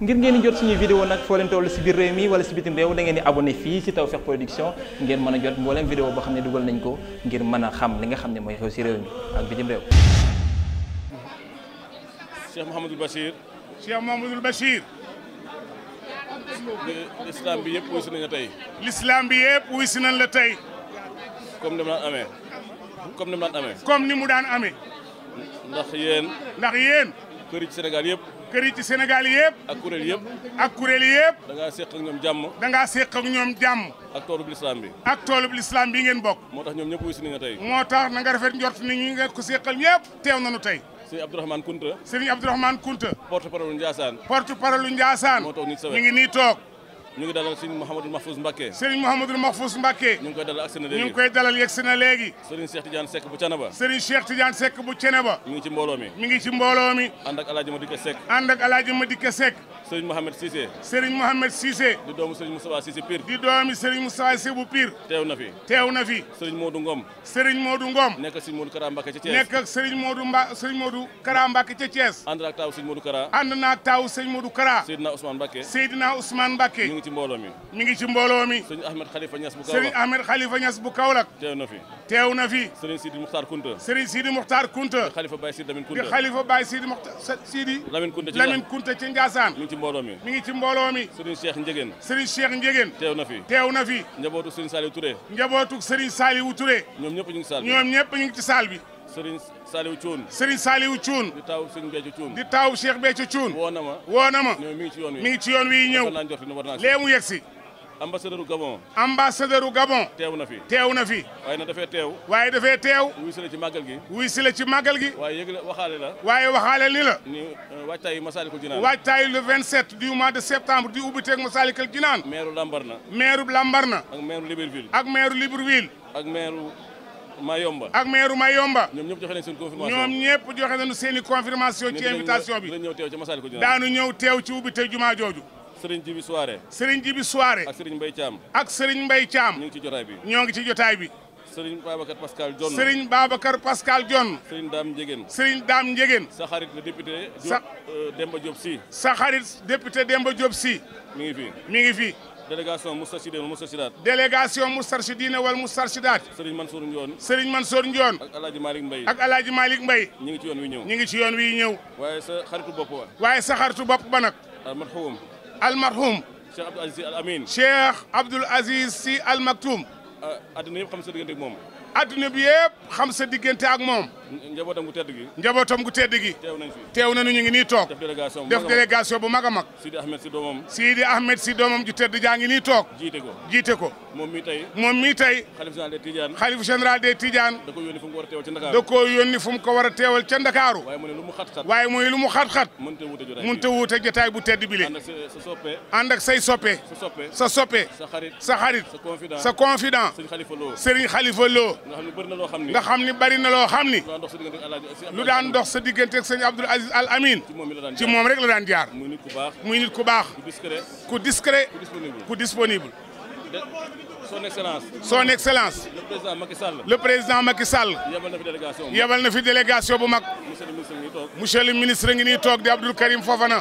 ngir ngeen di jot suñuy vidéo nag foo leen toll si biir réew mi wala si bitim réew da ngeen di abonné fii si Tawfekh Production ngeen mën a jot mbooleem vidéo boo xam ne dugal nañ ko ngir mën a xam li nga xam ne mooy xew si réew mi ak bitim réew Cheikh Mouhamadoul Bachir Cheikh Mouhamadoul Bachir l'islam bi yëpp wuy si nañ la tey l'islam bi yëpp wuy nañ la tey comme ni mu daan amee comme ni mu daan amee ni mu daan amee ndax yéen ndax yéen kër yi ci Sénégal yëpp kër yi ci Sénégal yëpp ak kuréel yëpp ak kuréel ñoom jàmm da ngaa ñoom jàmm ak toolub bi lislaam bi ngeen bokk moo tax ñoom ñëpp wuy si nañ la tey moo tax na nga rafet njort ni ñu ko séqal ñëpp teew nañu tey Sëriñ Abdourahmane Kounta Sëriñ Abdourahmane Kounta porte parole Ndiassane porte parole Ndiassane moo ngi nii toog ñu ngi dalal Serigne Mouhamadou Mahfouz Mbacké Serigne Mouhamadou Mahfouz Mbacké ñu ngi koy dalal ak seen léegi ñu ngi koy dalal yegg si na léegi Serigne Cheikh Tidiane Seck bu Thiénaba Serigne Cheikh Tidiane mi ngi ci mbooloo mi ngi ci mbooloo mi Alaaji Madike Seck ànd Serigne Mohamed Cissé. Serigne Mohamed Cissé. di doomu Serigne Moustapha Cissé Pire. di doomi Serigne Moustapha Cissé bu Pire. teew na fi. teew na fi. Serigne Modou Ngom. Serigne Modou Ngom. nekk ak Serigne Modou Kara Mbacké ca Thiès. nekk ak Serigne Modou Mba Serigne Modou Kara Mbacké ca Thiès. ànd ak taawu Serigne Modou Kara. ànd naa taawu Serigne Modou Kara. Seydina Ousmane Mbacké. Seydina Ousmane Mbacké. mi ngi ci mbooloo mi. mi ngi ci mbooloo mi. Serigne Ahmed Khalifa Niass bu Kaolack. Serigne Ahmed Khalifa Niass bu Kaolack. teew na fi. teew na fi. Serigne Sidi Moukhtar Kounta. Serigne Sidi Moukhtar Kounta. di Khalifa Baye Sidi Lamine Kounta. di Khalifa Baye Sidi Moukhtar Sidi Lamine Kounta ci Njaasaan mbooloo mi mi ngi ci mbooloo mi Serigne Cheikh Ndiéguène Serigne Cheikh Ndiéguène teew na fi teew na fi njabootu Serigne Saliou Touré njabootu Serigne Saliou Touré ñoom ñëpp ñu ngi saal ñoom ñëpp ñu ngi ci saal bi Serigne Saliou Thioune Serigne Saliou Thioune di taaw Serigne Béthio Thioune di taaw Cheikh Béthio Thioune woo na ma woo na ma mi ngi ci yoon wi mi ngi ci yoon wi ñëw lee mu yegsi ambassadeur u Gabon. ambassadeur u Gabon. teew na fi teew na fi. waaye nag dafay teew. waaye dafay teew. wuy si la ci màggal gi. wuy si la ci màggal gi. waaye yëg la waxaale la. waaye waxaale li la. ni euh, waajtaayu Masaalikul Jinaan. waajtaayu le 27 du ma de septembre di ubbi teeg Masaalikul Jinaan. meeru Lambarna. meeru Lambarna. ak meeru Libreville. ak meeru Libreville. ak meeru. Mayomba ak maire Mayomba. ñoom ñëpp joxe nañu seen confirmation ñoom ñëpp i confirmation. ci invitation bi ñëw teew ci Masaalikul daanu ñëw teew ci ubbi jooju. Serigne Jibi Soare. Serigne Jibi Soare. ak Serigne Mbaye Thiam. ak Serigne Mbaye Thiam. ñu ngi ci jotaay bi ñoo ngi ci jotaay bi. Serigne Babacar Pascal John. Serigne Babacar Pascal John. Serigne Dame Ndiégène. Serigne Dame Ndiégène. sa xarit le député. sa euh, Demba Diop si. sa xarit député Demba Diop si. mi ngi fi mi ngi fi. délégation Moustarchidine wal Moustarchidaat. délégation Moustarchidine wal Moustarchidaat. Serigne Mansour Ndione. Serigne Mansour Ndione. ak El Hadj Malick Mbaye. ak El Hadj Malick ñu ngi ci yoon wi ñëw ñu ngi ci yoon wi ñëw. waaye sa xaritu bopp wa. waaye sa xaritu bopp ba nag. almarhum. almarhum Cheikh Abdoul Aziz Sy Al Amin Cheikh Abdoul Aziz Sy Al Maktoum. Ah, àddina yëpp xam sa diggante ak moom. adduna bi yëpp xam sa diggante ak moom. njabootam gu tedd gi. njabootam gu tedd gi. teew nañu fi teew ngi nii toog. def délégation bu mag a mag def délégation bu a mag. Sidi Ahmed si doomam. Sidi Ahmed si doomam ju tedd jaa ngi nii toog. jiite ko jiite ko. moom mii tey. moom mii tey. xalif général des Tidiane. xalif général da koo yónni fu mu ko war a mu ko war a teewal ca Ndakaaru. waaye mu ne lu mu xat-xat. waaye mu ne lu mu xat-xat. a wuute jotaay bi mënut a wuute jotaay bu tedd bi le. ànd ak say sa soppe. sa xarit sa xarit. sa confident. sa confident. Serigne Khalifa nga xam ni bari na loo xam ni lu daan dox sa diggante ak sëñ Abdoul Aziz Al Amin ci moom rek la daan jaar muy nit ku baax ku discret ku disponible son excellence son excellence le président Macky Sall le président Macky Sall yebal na fi délégation bu mag monsieur le ministre ngi nii toog di Abdoul Karim Fofana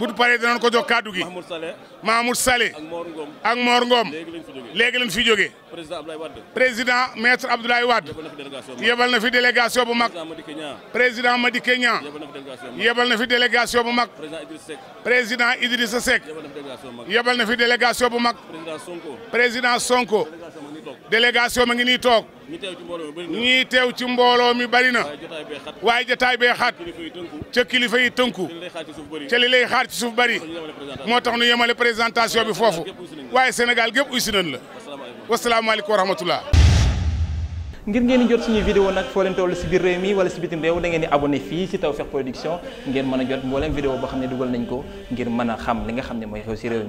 bu paree danañ ko jox kaddu gi. Mahmoud Saleh. Mahmoud Saleh. ak Mor Ngom. ak Mor Ngom. léegi lañ fi jógee. président Abdoulaye Wade. président maître Abdoulaye Wade. yebal na fi délégation bu mag. président Madické Niang. yebal na fi délégation bu mag. président Idrissa Seck. yebal na fi délégation bu mag. président Sonko. président Sonko. délégation ma ngi nii toog ñii teew ci mbooloo mi bari na waaye jotaay bee xat ca kilifa yi tënku ca li lay xaar ci suuf bari moo tax nu yemale présentation bi foofu waaye Sénégal gépp uy la wasalaamaaleykum wa rahmatullah ngir ngeen di jot suñu vidéo nag foo leen toll si biir réew mi wala si bitim réew da ngeen di abonné fii si Tawfekh Production ngeen mën a jot mbooleem vidéo boo xam ne dugal nañ ko ngir mën a xam li nga xam ne mooy xew si réew